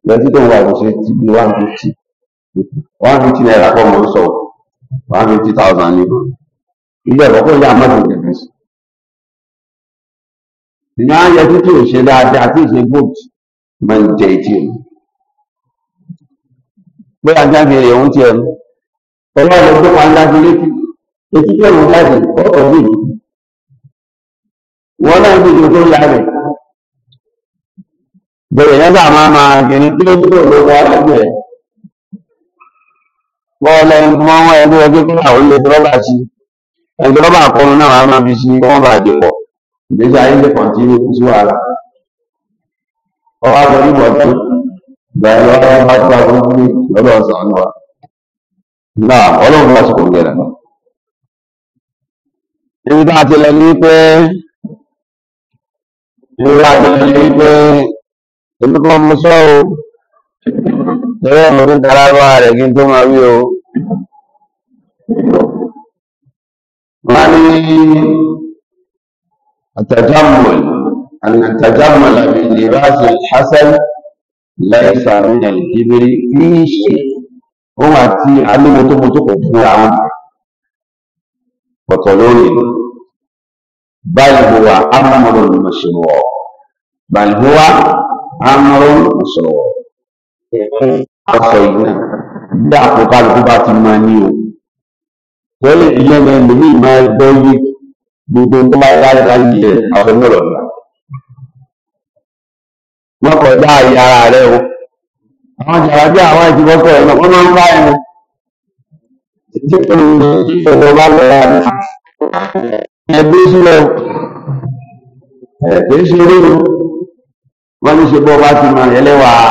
yẹtí tó ń wà kó ṣe tí bí one fifty. 150 naira kọ́ mò ń sọ 150,000 ní ilé ẹ̀kọ́ kó yá mọ́tò gẹ̀gẹ̀ sí. ìyá ayẹ títí ò dáadáa tí ìṣe gold máa ń jẹ pé ajá ti pẹ̀lú tó pa etí jáde ọ̀rọ̀ mi. náà bẹ̀rẹ̀ yẹn bá máa máa kí ló ń tó alágbèrè. wọ́n lẹ́yìn mọ́ wọ́n ẹgbẹ́ ẹgbẹ́ pé àwọn ilé dọ́là sí ẹni dọ́là kọrun náà wọ́n máa fi sí wọ́n bá dìpọ̀ ìgbésí ayé lè kàn tí ó sí wàhálà ọwọ́ àgbọ̀dí bọ̀ tó ìgbà ẹ̀ lọ́wọ́ bá tó àwọn ọmọdé lọ́dọ̀ ọ̀sán wa náà ọlọ́run bá sì kò gẹ̀rẹ̀ náà. ibi tá a ti lọ ní pé ibi tá a ti lọ ní pé èmi kan mo sọ o lọ́wọ́ mo tún tara bá rẹ̀ kí n tó máa wí o wọ́n ní àtàjámọ̀lì àtàjámọ̀lì àbí lè bá ṣe hasan láìsà ní àìjíbírí kí í ṣe òun àti alóhun tó mú kò fún àwọn ọ̀tọ̀ lórí báyìí huwa amúrò mọ̀ṣẹ̀wọ̀ báyìí huwa ọ̀sọ̀ yìí náà bí àpòkálùkù ti máa ní o wọ́n ìyẹn ẹlòmí máa gbọ́ yé gbogbo tó bá yá láyé ẹ̀ àwọn ọmọ ọ̀la wọ́n kọ̀ dá ara rẹ̀ o àwọn jàrá bí àwọn ti wọ́pọ̀ ẹ̀ náà wọ́n máa ń bá tó ń bá lọ rà ní ẹgbẹ́ wọ́n ní ṣe bọ́ bá ti máa yẹlẹ́wàá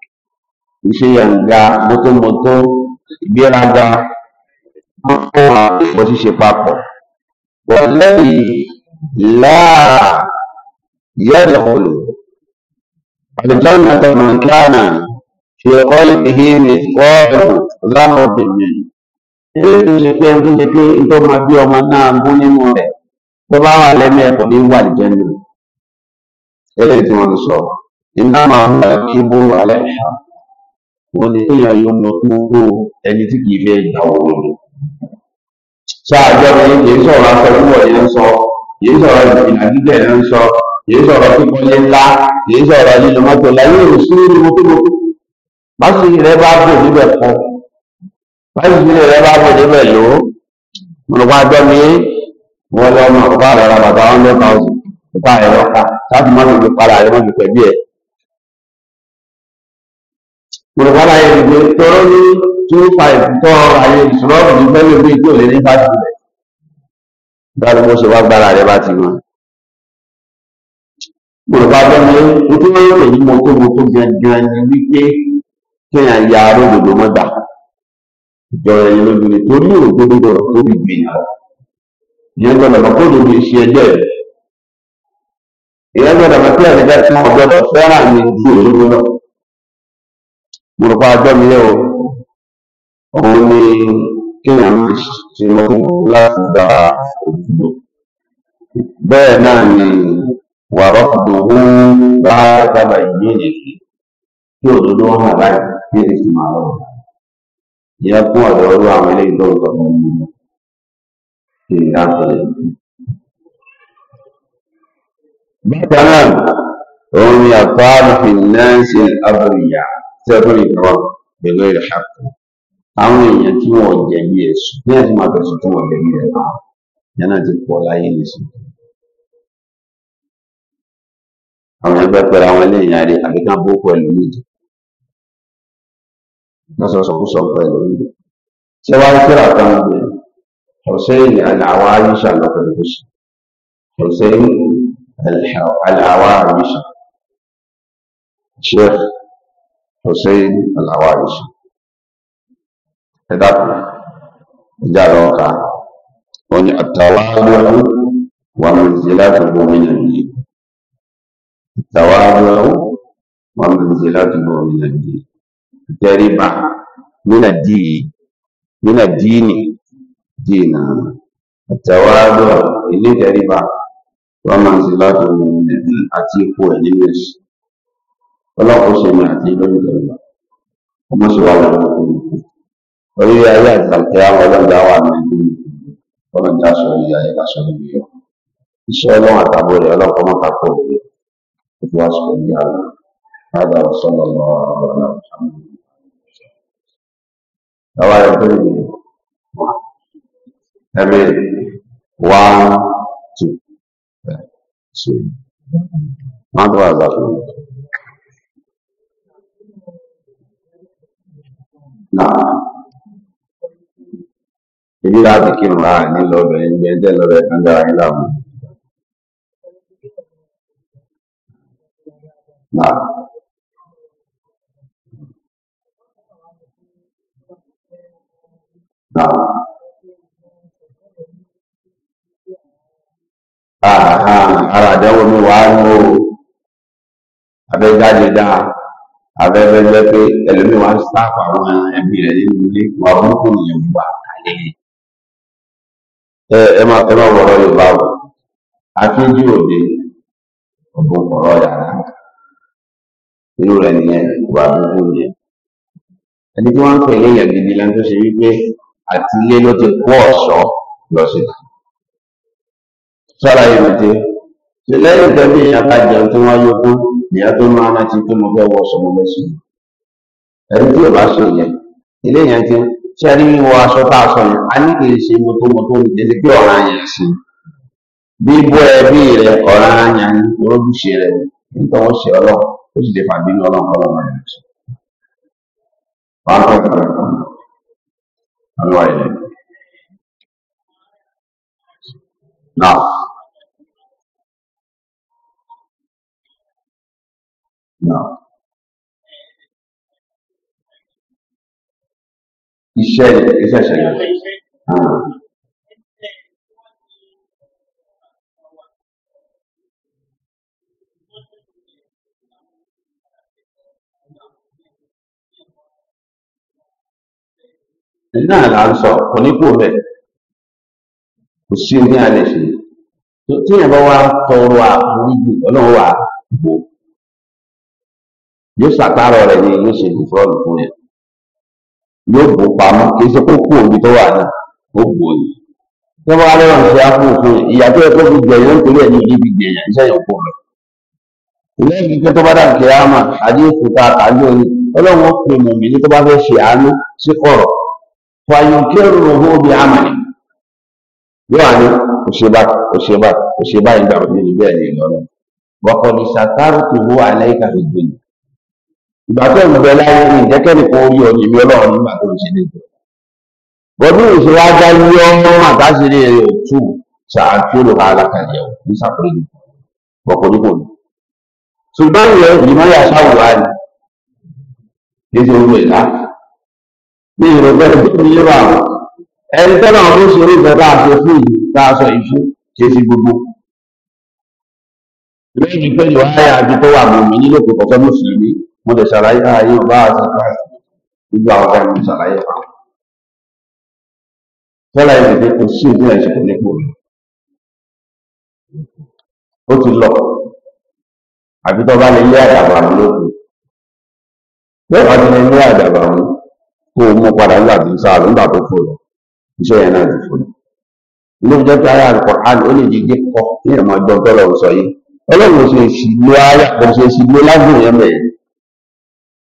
ìṣeyọ̀ǹga mọ́tómọ́tó ìgbéraga mọ́tò àpò ṣíṣe papọ̀ wọ̀lẹ́yìn láà yẹ́dọ̀kọlù àlùjọ́nà tọ̀mọ̀kánà ṣe ọ́lẹ̀ ìhìnì kọ́ọ̀rù láàrọ̀bìnrin nínú ṣe pé ń ṣe pé ń tó máa bí ọmọ náà bú nínú rẹ̀ tó bá wà lẹ́mí ẹ̀kọ́ ní wà lìjẹ́ nínú eléyìí tí wọ́n sọ ìnáwó àwọn ẹ̀kí bú alẹ́ ṣáà wọn ni kéèyàn yóò mọ kúrò ẹni tí kìí fẹ́ gbà wọn ni kìí sọ̀rọ̀ aṣọ púpọ̀ ń sọ kìí sọ̀rọ̀ ìgbìnà dídẹ̀ ni ń sọ kìí sọ̀rọ̀ kíkọ́lé ńlá kìí sọ̀rọ̀ lílo mọ́tò ńlá yóò báṣì rẹ bá bò níbẹ̀ kọ́ báṣì rẹ bá bò níbẹ̀ lò ó mi wọ́n gbọ̀dọ̀gbọ́dọ̀ ayé ìgbé tọrọ ní two five tọ́ ayé ìṣòro ọ̀rọ̀ ní pẹ́lú ìgbé tí ò lè ní five hundred dáadọ́ bó ṣe wá gbára rẹ bá ti wọn. gbọ̀dọ̀gbọ́dọ̀ ní ojú wọn lè ní mo tó mo tó gangan ni wípé kéèyàn ya aró òdòdó mọ́gbà ìjọra ẹni lójú ni torí òdodo gbọ̀rọ̀ tó bì gbìn náà ìyẹn gbọ́dọ̀ mọ̀ kó lóde ṣe ẹgbẹ́ rẹ̀ ìyẹn gbọ́dọ̀ mọ̀ kí ẹ̀ẹ́dẹ́gbẹ́ mo rò pé ajọ́ mi yẹn o òun ni kéèyàn máa ṣe mọ́tò láti gba òdúgbò bẹ́ẹ̀ náà ni wàrọ̀ dòwó bá dábàá ìlú èdèkì kí òdodo hàn láì kí èdè sì máa lọ yẹ fún ọ̀dọ̀ ọdún àwọn eléyìí tó ń sọ fún mi kí n dá sọ yẹn. bákan náà òun ni àfáàlù fìnnáǹsì àbúrò yàrá zẹ́bùrì náà pẹ̀lú ìṣàkó àwọn èèyàn tí wọ́n jẹ̀bi ẹ̀sùn ní àti máa bẹ̀sùn tí wọ́n jẹ̀bi rẹ̀ náà ìyẹn náà ti pọ̀ láyé nìsín. àwọn ẹgbẹ́ pẹ̀lú àwọn eléyìí àrí àbí ká bó pẹ̀lú nídìí lọ́sọ̀ọ̀sọ̀ kó sọ pẹ̀lú nídìí. ṣé wàá kíra kan gbé hussein aláwa ayíṣà lọ́pẹ̀lú bó aláwa ayíṣà sheikh Hussein Al-Awarishi ẹ dákun ìjà lọ ka wọn ni àtàwádọ́rù wà mọ̀lẹ́sẹ̀ láti gbọ́mọ yẹn ní àtàwádọ́rù wà mọ̀lẹ́sẹ̀ láti gbọ́mọ yẹn ní ìtẹríba nínà díì nínà díìnì díìnà àtàwádọ́rù ilé ìtẹríba wà mọ̀lẹ́sẹ̀ láti gbọ́mọ yẹn ní àti ipò ẹ̀ nínú ẹ̀sìn ọlọ́pàá ṣe ní àti lóyún ìjọba ọmọ ṣe wà lọ́wọ́ tó ní kú orí ayé àtàkẹ́ àwọn ọlọ́dà wà nínú ọlọ́dà sọ orí ayé bá níbi yọ iṣẹ́ ọlọ́run àtàbọ̀ rẹ̀ ọlọ́pàá má papọ̀ òwe ó fi wá sọ láti àwọn sọ́nà lọ àwọn ọ̀nà àwọn ayọ̀ tó níbi ẹ̀mí one two three. Not what I was náà èyí láti kírun a nílò obìnrin gbé ẹjẹ́ lọ́rọ̀ ẹ̀kan dára yín láàmú. náà náà àhàn ara àdẹ́wò afẹ́fẹ́ jẹ́ pé ẹlòmíì wá ń sáàpù àwọn ẹbí rẹ̀ nínú ilé wọn burúkú nìyẹn wà kálẹ̀ yìí. ẹ máa fẹ́ máa wọ̀rọ̀ yorùbá o akíjú òde ọ̀bùn ọ̀rọ̀ yàrá inú rẹ̀ nìyẹn wà burúkú nìyẹn. ẹni tí wọ́n ń pè léyìn gidi lẹ́nu tó ṣe wípé àti ilé ló ti kó ọ̀ṣọ́ lọ sí i. sọ́ra yìí ti lẹ́yìn tẹ́lẹ̀ ìyàtà jẹun tí wọ́n yókù. ìyá tó máa rántí pé mo fẹ́ wọ sọmọ lẹ́sùn ẹni tí ò bá ṣe yẹn ilé yẹn ti ṣe ẹni aṣọ tá a sọ yẹn a ní kì í ṣe mo tó mo tó ní kéde pé ọ̀ràn yẹn ṣe bíbú ẹbí rẹ ọ̀ràn rẹ Iṣẹ́ iṣẹ́ ìṣẹ̀lẹ̀. náà là ń sọ kò ní kú bẹ́ẹ̀ kò sí oní àlẹ́ ṣe tí èèyàn bá wá tọrọ àforíjì ọlọ́run wà gbogbo yóò ṣàpárọ̀ rẹ̀ ni yóò ṣe ìfúrọ́ọ̀lù fún yẹn yóò bò pamọ́ kì í ṣe kó kú òbí tó wà náà ó bò ní. tí wọ́n bá lọ́wọ́ ṣe ápùn fún ìyá tó yẹ kó fi gbẹ̀yìn ló ń torí ẹ̀mí yìí fi gbẹ̀yìn iṣẹ́ yẹn kó rẹ̀. lẹ́yìn pé tó bá dà kí ámà àdéhùn ta àjọ ni ọlọ́run pè mọ̀ mí ní tó bá fẹ́ ṣe àánú sí ọ̀rọ̀ fàyọkẹ́rù ọ̀hún obì àmà ni. yóò àní òṣèbá òṣèbá òṣèbá ìgbà òṣèlú bẹ́ẹ̀ ni ìlọrin. wọ́kọ̀ ìgbà tó ń bẹ láyé ní ìjẹ́kẹ́rì kan orí ọ̀nà ìmí ọlọ́run nígbà tó ń ṣe lè bọ̀. bọ́dún ìṣèwádá ní ọmọ àtàṣírí rẹ̀ tù ṣáàtì olùkọ́ alákàlẹ̀ ọ̀ ní sàkóyè bọ̀kọ̀dúkò ni. ṣùgbọ́n ìyẹn ìmọ̀lẹ̀ àṣàwùwá ni ètò ìwé ìlà ní ìrọ̀bẹ́ ìdíje yíra ẹni tẹ́lẹ̀ ọdún ṣeré ìfẹ́ bá a ṣe fún ìlú tá a sọ ìfú kì í gbogbo lẹ́yìn pé ìwáyà àti tó wà mọ̀mí nílò kò kọ́kọ́ mùsùlùmí mo lè ṣàlàyé ààyè bá àti gbogbo àwọn ọ̀gá mi ṣàlàyé pa. Tọ́lá ẹ̀sìn pé kò sí ìdí lọ. Àbí tó bá lè lé àdàbà mú lókun. Bẹ́ẹ̀ bá ti lè àdàbà mú kó o mú padà nígbà tó sá àlọ́ nígbà tó fò lọ. yẹn náà ti fò lọ. Ilé ìjọ ó lè ní ìmọ̀ ọjọ́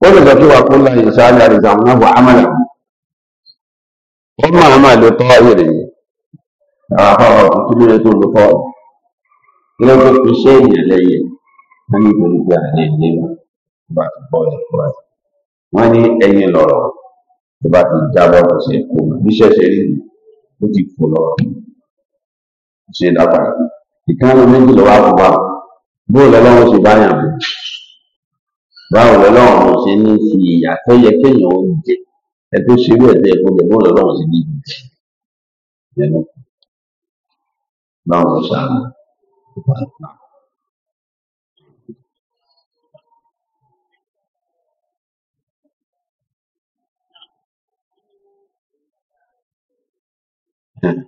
ó lè wa pé wà a ìṣáájú àrìsàmù náà wà ámàlà ó máa máa lè tọ́ ìrè àwọn afárá ọ̀tún kí lóye tó lò tọ́ kí ló fi ṣé èèyàn lẹ́yìn wọ́n ní ìbòmí pé àlẹ́ bá ti bọ́ ẹ̀kọ́ àti wọ́n ní ẹ̀yìn lọ̀rọ̀ tó bá ti jábọ́ ṣe rí ni ó ti lọ́rọ̀ ṣe dábàá ìkànnì méjì lọ́wọ́ bóòlù báwo lọ́lọ́run ṣe ní fi ìyà tó è kéèyàn ó jẹ ẹ tó ṣe bẹ́ẹ̀ tẹ́ ẹ̀kọ́ bẹ́ẹ̀ bọ́ọ̀lù ọlọ́run ṣe ní ìdí nínú Yeah.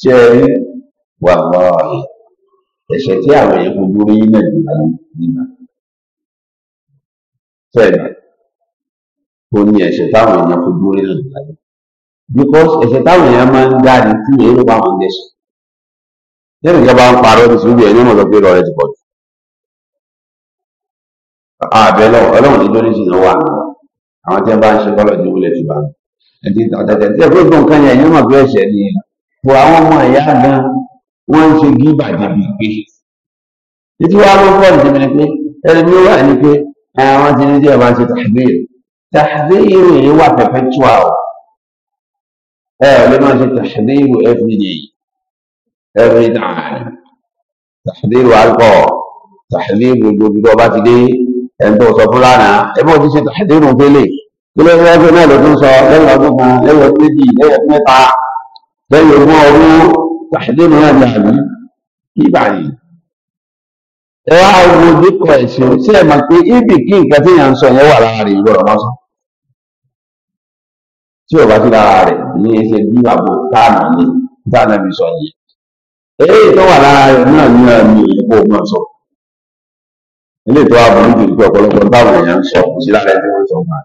ṣe ẹ rí wà lọ́ọ̀rì ẹ̀ṣẹ̀ tí àwọn èèyàn gbogbo rí nàìjíríà nígbà fẹ́ẹ̀nà ó ní ẹ̀ṣẹ̀ táwọn èèyàn fojú rí nàìjíríà because ẹ̀ṣẹ̀ táwọn èèyàn máa ń dá ní tí èèyàn ló bá wọn dẹ̀ṣẹ̀ lẹ́nu ìjọba ń parọ́ ní sùúrù ẹ̀ ní ọmọ ìgbẹ́ rẹ̀ ti pọ̀ jù àbẹ̀ lọ ọlọ́run ní lórí ìṣìnà wà àwọn tí wọ́n bá ń ṣe kọ́lọ̀ ní ti bá wọn ẹ̀dí ọ̀tẹ̀tẹ̀ tí ẹ̀kọ́ ìgbọ̀n kan yẹn yẹn mọ̀ pé ẹ̀ṣẹ̀ ni fò àwọn ọmọ ẹ̀yà gan wọ́n ń ṣe gíbà débi pé títí wàá ló pọ̀ ní tẹ̀mẹ̀ pé ẹni mi wà ní pé àwọn ti ní tí ọba ṣe tàbíyèrè tàbíyèrè yìí wà perpetual ẹ ò lè máa ṣe tàbíyèrè every every time tàbíyèrè alcohol tàbíyèrè gbogbo ọba ti dé ẹ̀ ń tó sọ fúlànà ẹ bọ́ ti ṣe tàbíyèrè fẹ́lẹ̀ ilé ẹgbẹ́ ọdún náà ló tún sọ lẹ́yìn ọdún kan lẹ́yìn ọdún méjì lẹ́yìn ọdún mẹ́ta lẹ́yìn ogún ọdún tàṣídé mìíràn ní àbí ibà yìí ẹ wá wo díkọ ẹ̀sìn sí ẹ̀ máa pé ibì kí nǹkan tí èèyàn ń sọ yẹn wà lára rẹ̀ ìgbọ̀rọ̀ máa sọ tí ò bá ti lára rẹ̀ ní ẹsẹ̀ bí àbò táàmù ni táàmù bí sọ yìí èyí tó wà lára rẹ̀ náà ní àmì ìyẹ̀bù náà sọ ilé ìtọ́ àbúrú ju ọ̀pọ̀lọpọ̀ táwọn èèyàn ń sọ kò sí lára ẹni tí wọ́n sọ máa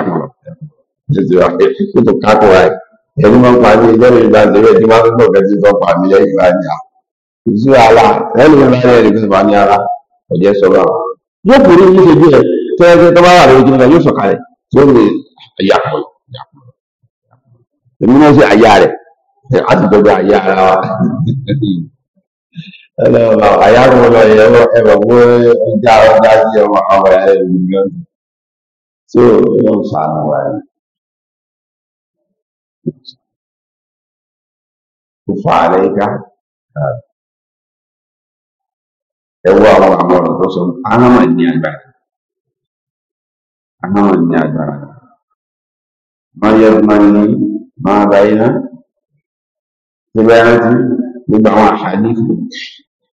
títí wa kó tó kákó wa ẹni máa ń pa ní ẹjọ́ mi gbà síbẹ̀ tí máa ń gbọ̀ kẹ́tí tó pa mí lẹ́yìn bá ní à kò sí wàhálà ẹni mi máa ń rẹ̀ nípa ní ara ọ̀jẹ̀ sọ̀rọ̀ àwọn. yóò kú ní yíṣe bí ẹ tẹ́ẹ́tẹ́ tó bá wà lórí jìnnà yóò sọ̀kalẹ̀ tí ó lè ẹ̀yà pọ̀ èmi náà sì àyà rẹ̀ á ti dọ́gba àyà ara wa. àyà kò lọ ẹ̀rọ ẹ̀rọ pé ọjà ọjà sí ọmọ àwọn ẹ̀rọ ìgbìyànjú tí ó ń fa àwọn ẹ̀rọ كف عليك هذا ẹwọ àwọn àwọn ọ̀rọ̀ tó sọ ahama ní agbára ahama ní agbára mariam máa ní máa báyìí náà tí bá rántí nígbà àwọn àṣàlífù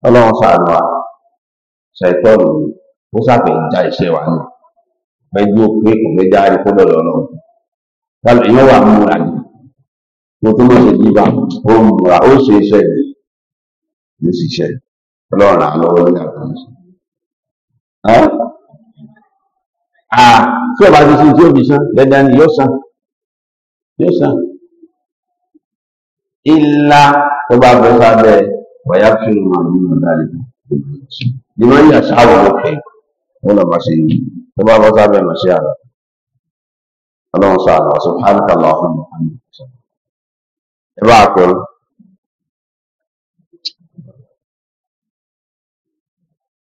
ọlọ́run sàánú wa ṣàìtọ́nù ó sàfẹ́ já iṣẹ́ wa ni kó tó mọ̀ ṣe jíba ó múra ó ṣe iṣẹ́ rẹ̀ ló sì ṣe ọlọ́run àwọn ọlọ́wọ́ ní àkàn ṣe. tí ọba ti ṣe tí ó fi san dandan ni yóò san yóò san ilá tó bá bọ́ sábẹ́ wàyà fún un àmì ìmọ̀dálẹ̀ ni wọ́n yà sáwọ̀ òkè wọ́n lọ́ọ́ bá ṣe tó bá bọ́ sábẹ́ mọ̀ sí àlọ́ ọlọ́run sáà lọ́wọ́ sọ hàn kàlọ́ ọ̀hún ọ̀hún. Rachel